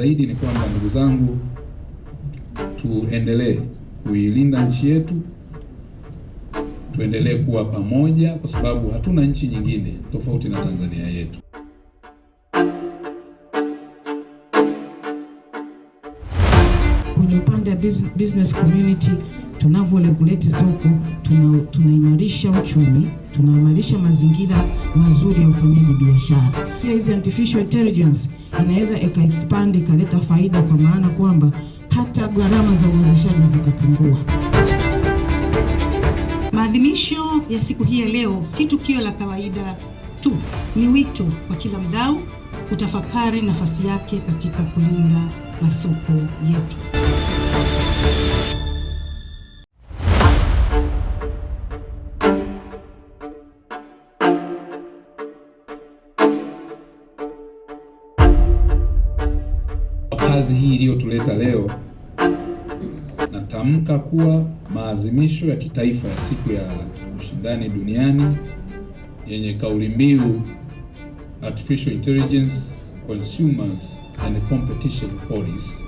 Zaidi ni kwamba ndugu zangu, tuendelee kuilinda nchi yetu, tuendelee kuwa pamoja, kwa sababu hatuna nchi nyingine tofauti na Tanzania yetu. Kwenye upande wa business community, regulate soko, tunaimarisha tuna uchumi, tunaimarisha mazingira mazuri ya ufanyaji biashara. Hizi artificial intelligence anaweza eka expand ikaleta faida, kwa maana kwamba hata gharama za uwezeshaji zikapungua. Maadhimisho ya siku hii ya leo si tukio la kawaida tu, ni wito kwa kila mdau kutafakari nafasi yake katika kulinda masoko yetu. kazi hii iliyotuleta leo, natamka kuwa maadhimisho ya kitaifa ya siku ya ushindani duniani yenye kauli mbiu Artificial Intelligence, Consumers and Competition Policy,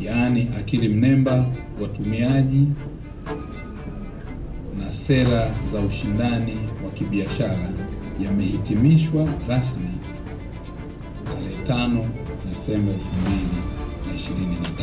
yaani akili mnemba, watumiaji na sera za ushindani wa kibiashara, yamehitimishwa rasmi tarehe tano Desemba 2024.